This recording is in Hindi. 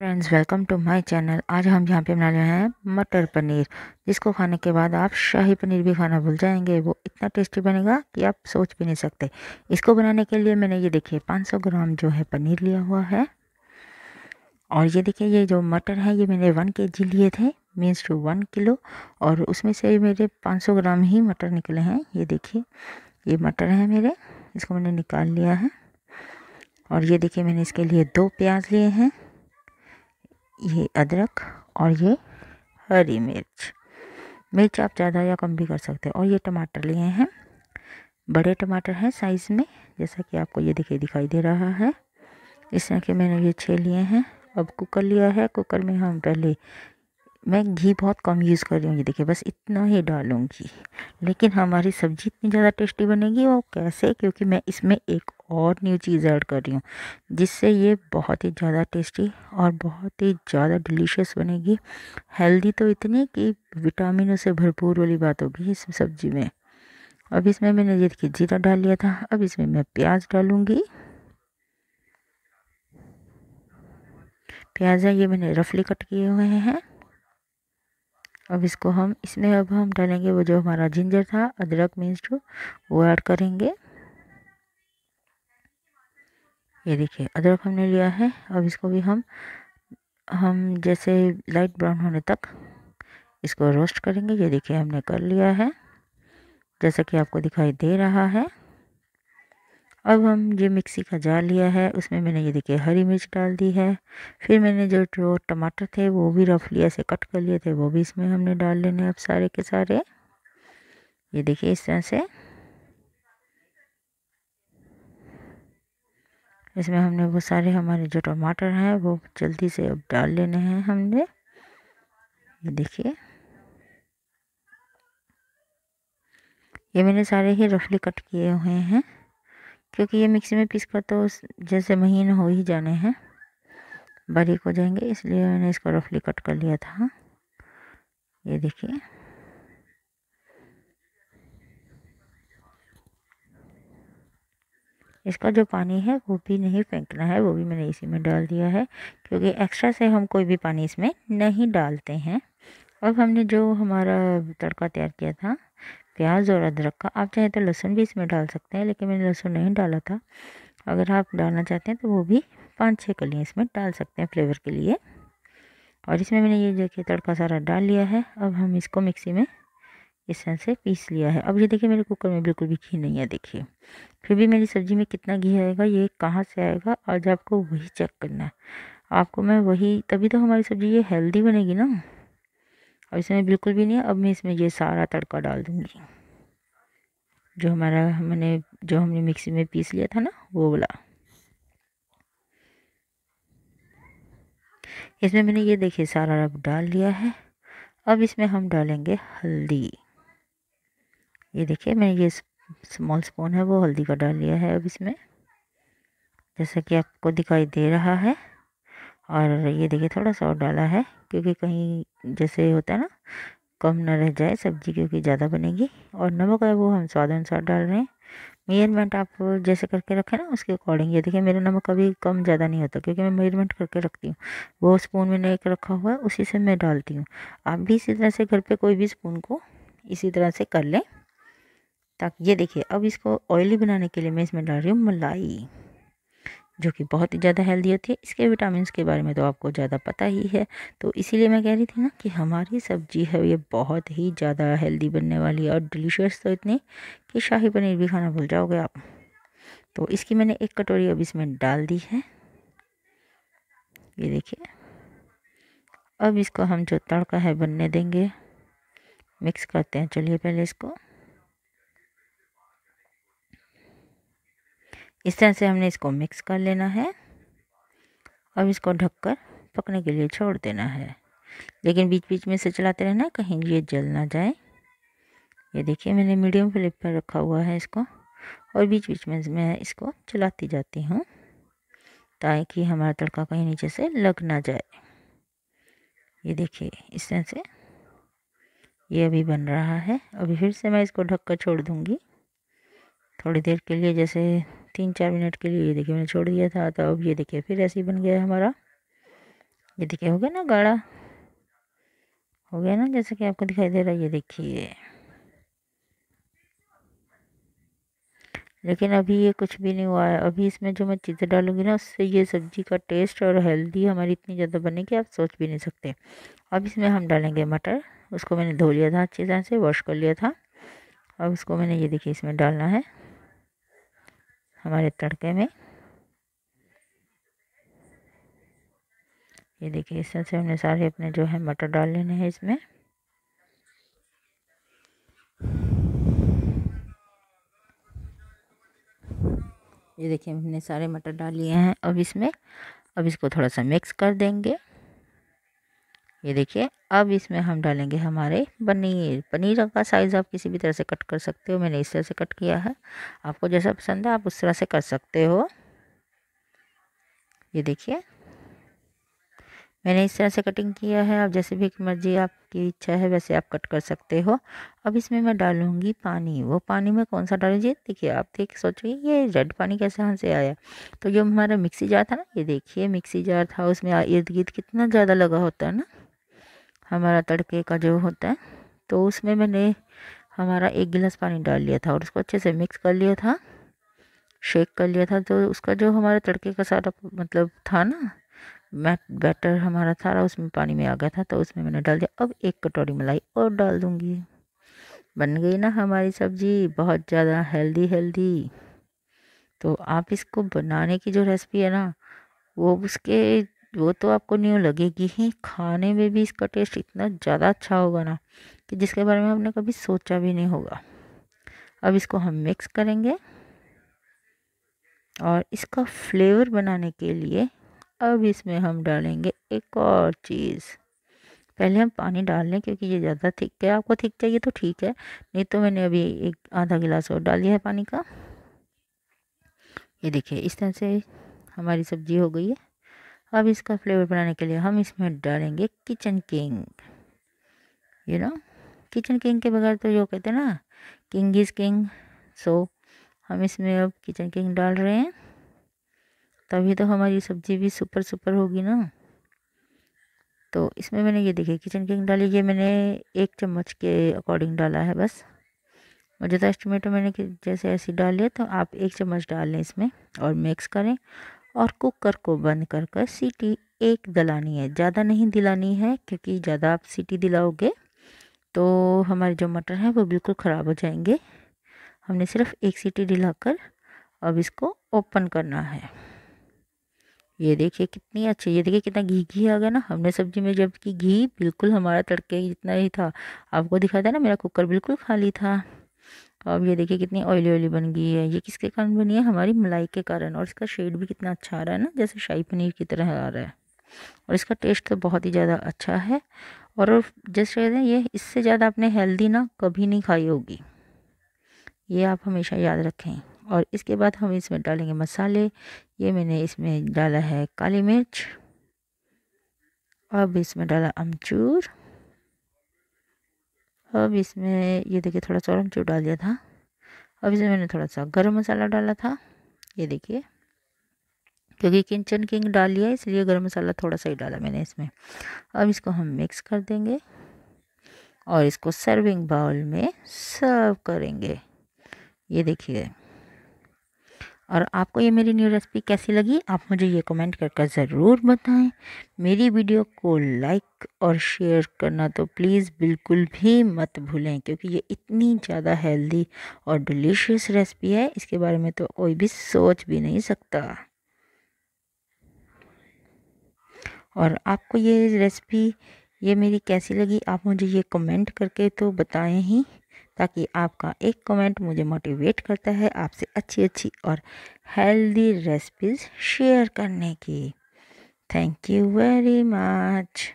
friends welcome to my channel आज हम यहाँ पे बना रहे हैं मटर पनीर जिसको खाने के बाद आप शाही पनीर भी खाना भूल जाएंगे वो इतना टेस्टी बनेगा कि आप सोच भी नहीं सकते इसको बनाने के लिए मैंने ये देखिए 500 ग्राम जो है पनीर लिया हुआ है और ये देखिए ये जो मटर है ये मैंने वन के जी लिए थे मीन्स टू वन किलो और उसमें से मेरे पाँच ग्राम ही मटर निकले हैं ये देखिए ये मटर हैं मेरे इसको मैंने निकाल लिया है और ये देखिए मैंने इसके लिए दो प्याज लिए हैं ये अदरक और ये हरी मिर्च मिर्च आप ज़्यादा या कम भी कर सकते हो और ये टमाटर लिए हैं बड़े टमाटर हैं साइज़ में जैसा कि आपको ये दिखे दिखाई दे रहा है इस तरह के मैंने ये छः लिए हैं अब कुकर लिया है कुकर में हम पहले मैं घी बहुत कम यूज़ कर करूँगी देखिए बस इतना ही डालूँगी लेकिन हमारी सब्ज़ी इतनी ज़्यादा टेस्टी बनेगी वो कैसे क्योंकि मैं इसमें एक और न्यू चीज़ ऐड कर रही हूँ जिससे ये बहुत ही ज़्यादा टेस्टी और बहुत ही ज़्यादा डिलीशियस बनेगी हेल्दी तो इतनी कि विटामिनों से भरपूर वाली बात होगी इस सब्ज़ी में अब इसमें मैंने ये देखिए जीरा डाल लिया था अब इसमें मैं प्याज डालूँगी प्याज है ये मैंने रफली कट किए हुए हैं अब इसको हम इसमें अब हम डालेंगे वो जो हमारा जिंजर था अदरक मिक्सड वो ऐड करेंगे ये देखिए अदरक हमने लिया है अब इसको भी हम हम जैसे लाइट ब्राउन होने तक इसको रोस्ट करेंगे ये देखिए हमने कर लिया है जैसा कि आपको दिखाई दे रहा है अब हम ये मिक्सी का जार लिया है उसमें मैंने ये देखिए हरी मिर्च डाल दी है फिर मैंने जो जो टमाटर थे वो भी रफली ऐसे कट कर लिए थे वो भी इसमें हमने डाल लेने अब सारे के सारे ये देखिए इस तरह से इसमें हमने वो सारे हमारे जो टमाटर हैं वो जल्दी से अब डाल लेने हैं हमने ये देखिए ये मैंने सारे ही रफली कट किए हुए हैं क्योंकि ये मिक्सी में पीस कर तो जैसे महीन हो ही जाने हैं बारीक हो जाएंगे इसलिए मैंने इसको रफली कट कर लिया था ये देखिए इसका जो पानी है वो भी नहीं फेंकना है वो भी मैंने इसी में डाल दिया है क्योंकि एक्स्ट्रा से हम कोई भी पानी इसमें नहीं डालते हैं अब हमने जो हमारा तड़का तैयार किया था प्याज और अदरक का आप चाहें तो लहसुन भी इसमें डाल सकते हैं लेकिन मैंने लहसुन नहीं डाला था अगर आप डालना चाहते हैं तो वो भी पाँच छः कलियाँ इसमें डाल सकते हैं फ्लेवर के लिए और इसमें मैंने ये देखिए तड़का सारा डाल लिया है अब हम इसको मिक्सी में इस तरह से पीस लिया है अब ये देखिए मेरे कुकर में बिल्कुल भी घी नहीं है देखिए फिर भी मेरी सब्ज़ी में कितना घी आएगा ये कहाँ से आएगा आज आपको वही चेक करना है आपको मैं वही तभी तो हमारी सब्ज़ी ये हेल्दी बनेगी ना अब इसमें बिल्कुल भी नहीं है अब मैं इसमें ये सारा तड़का डाल दूँगी जो हमारा हमने जो हमने मिक्सी में पीस लिया था ना वो वाला इसमें मैंने ये देखिए सारा रब डाल लिया है अब इसमें हम डालेंगे हल्दी ये देखिए मैंने ये स्मॉल स्पून है वो हल्दी का डाल लिया है अब इसमें जैसा कि आपको दिखाई दे रहा है और ये देखिए थोड़ा सा और डाला है क्योंकि कहीं जैसे होता है ना कम ना रह जाए सब्जी क्योंकि ज़्यादा बनेगी और नमक है वो हम स्वाद अनुसार डाल रहे हैं मेजरमेंट आप जैसे करके रखें ना उसके अकॉर्डिंग ये देखिए मेरा नमक कभी कम ज़्यादा नहीं होता क्योंकि मैं मेजरमेंट करके रखती हूँ वो स्पून मैंने एक रखा हुआ है उसी से मैं डालती हूँ आप भी इसी तरह से घर पे कोई भी स्पून को इसी तरह से कर लें ताकि ये देखिए अब इसको ऑयली बनाने के लिए मैं इसमें डाल रही हूँ मलाई जो कि बहुत ही ज़्यादा हेल्दी होती है इसके विटामिन के बारे में तो आपको ज़्यादा पता ही है तो इसीलिए मैं कह रही थी ना कि हमारी सब्जी है ये बहुत ही ज़्यादा हेल्दी बनने वाली है और डिलीशियस तो इतनी कि शाही पनीर भी खाना भूल जाओगे आप तो इसकी मैंने एक कटोरी अब इसमें डाल दी है ये देखिए अब इसको हम जो तड़का है बनने देंगे मिक्स करते हैं चलिए पहले इसको इस तरह से हमने इसको मिक्स कर लेना है अब इसको ढककर पकने के लिए छोड़ देना है लेकिन बीच बीच में से चलाते रहना कहीं ये जल ना जाए ये देखिए मैंने मीडियम फ्लेम पर रखा हुआ है इसको और बीच बीच में मैं इसको चलाती जाती हूँ ताकि हमारा तड़का कहीं नीचे से लग ना जाए ये देखिए इस तरह से ये अभी बन रहा है अभी फिर से मैं इसको ढक कर छोड़ दूँगी थोड़ी देर के लिए जैसे तीन चार मिनट के लिए ये देखिए मैंने छोड़ दिया था तो अब ये देखिए फिर ऐसे ही बन गया हमारा ये देखिए हो गया ना गाढ़ा हो गया ना जैसे कि आपको दिखाई दे रहा है ये देखिए लेकिन अभी ये कुछ भी नहीं हुआ है अभी इसमें जो मैं चीज़ें डालूंगी ना उससे ये सब्ज़ी का टेस्ट और हेल्दी हमारी इतनी ज़्यादा बनेगी आप सोच भी नहीं सकते अब इसमें हम डालेंगे मटर उसको मैंने धो लिया था अच्छी तरह से वॉश कर लिया था अब उसको मैंने ये देखिए इसमें डालना है हमारे तड़के में ये देखिए इस तरह से हमने सारे अपने जो है मटर डाल लेने हैं इसमें ये देखिए हमने सारे मटर डाल लिए हैं अब इसमें अब इसको थोड़ा सा मिक्स कर देंगे ये देखिए अब इसमें हम डालेंगे हमारे पनीर पनीर का साइज़ आप किसी भी तरह से कट कर सकते हो मैंने इस तरह से कट किया है आपको जैसा पसंद है आप उस तरह से कर सकते हो ये देखिए मैंने इस तरह से कटिंग किया है आप जैसे भी मर्जी आपकी इच्छा है वैसे आप कट कर सकते हो अब इसमें मैं डालूंगी पानी वो पानी में कौन सा डालूंगी देखिए आप देख सोचिए ये रेड पानी कैसे यहाँ से आया तो जो हमारा मिक्सी जार था ना ये देखिए मिक्सी जार था उसमें इर्द गिर्द कितना ज़्यादा लगा होता है ना हमारा तड़के का जो होता है तो उसमें मैंने हमारा एक गिलास पानी डाल लिया था और उसको अच्छे से मिक्स कर लिया था शेक कर लिया था तो उसका जो हमारा तड़के का सारा मतलब था ना मैट बैटर हमारा सारा उसमें पानी में आ गया था तो उसमें मैंने डाल दिया अब एक कटोरी मलाई और डाल दूँगी बन गई ना हमारी सब्ज़ी बहुत ज़्यादा हेल्दी हेल्दी तो आप इसको बनाने की जो रेसिपी है ना वो उसके वो तो आपको न्यू लगेगी ही खाने में भी इसका टेस्ट इतना ज़्यादा अच्छा होगा ना कि जिसके बारे में आपने कभी सोचा भी नहीं होगा अब इसको हम मिक्स करेंगे और इसका फ्लेवर बनाने के लिए अब इसमें हम डालेंगे एक और चीज़ पहले हम पानी डाल लें क्योंकि ये ज़्यादा थिक है आपको थिक चाहिए तो ठीक है नहीं तो मैंने अभी एक आधा गिलास और डाल दिया है पानी का ये देखिए इस तरह से हमारी सब्ज़ी हो गई है अब इसका फ्लेवर बनाने के लिए हम इसमें डालेंगे Kitchen King you know Kitchen King के बगैर तो जो कहते हैं ना किंग इज़ किंग सो हम इसमें अब किचन किंग डाल रहे हैं तभी तो हमारी सब्ज़ी भी सुपर सुपर होगी ना तो इसमें मैंने ये देखिए किचन किंग डाली ये मैंने एक चम्मच के अकॉर्डिंग डाला है बस मुझे तो एस्टिमेट मैंने जैसे ऐसी डाली है तो आप एक चम्मच डाल लें इसमें और मिक्स करें और कुकर को बंद कर कर सीटी एक दिलानी है ज़्यादा नहीं दिलानी है क्योंकि ज़्यादा आप सीटी दिलाओगे तो हमारे जो मटर हैं वो बिल्कुल ख़राब हो जाएंगे हमने सिर्फ एक सीटी दिलाकर अब इसको ओपन करना है ये देखिए कितनी अच्छी ये देखिए कितना घी घी आ गया ना हमने सब्जी में जबकि घी बिल्कुल हमारा तड़के जितना ही था आपको दिखा था ना मेरा कुकर बिल्कुल खाली था अब ये देखिए कितनी ऑयली ऑयली बन गई है ये किसके कारण बनी है हमारी मलाई के कारण और इसका शेड भी कितना अच्छा आ रहा है ना जैसे शाही पनीर की तरह आ रहा है और इसका टेस्ट तो बहुत ही ज़्यादा अच्छा है और जैसे कहते हैं ये इससे ज़्यादा आपने हेल्दी ना कभी नहीं खाई होगी ये आप हमेशा याद रखें और इसके बाद हम इसमें डालेंगे मसाले ये मैंने इसमें डाला है काली मिर्च अब इसमें डाला अमचूर अब इसमें ये देखिए थोड़ा सा ऑरेंज डाल दिया था अब इसमें मैंने थोड़ा सा गर्म मसाला डाला था ये देखिए क्योंकि किंचन किंग डाल लिया इसलिए गर्म मसाला थोड़ा सा ही डाला मैंने इसमें अब इसको हम मिक्स कर देंगे और इसको सर्विंग बाउल में सर्व करेंगे ये देखिए और आपको ये मेरी न्यू रेसिपी कैसी लगी आप मुझे ये कमेंट करके ज़रूर बताएं मेरी वीडियो को लाइक और शेयर करना तो प्लीज़ बिल्कुल भी मत भूलें क्योंकि ये इतनी ज़्यादा हेल्दी और डिलीशियस रेसिपी है इसके बारे में तो कोई भी सोच भी नहीं सकता और आपको ये रेसिपी ये मेरी कैसी लगी आप मुझे ये कमेंट करके तो बताएं ही ताकि आपका एक कमेंट मुझे मोटिवेट करता है आपसे अच्छी अच्छी और हेल्दी रेसिपीज़ शेयर करने की थैंक यू वेरी मच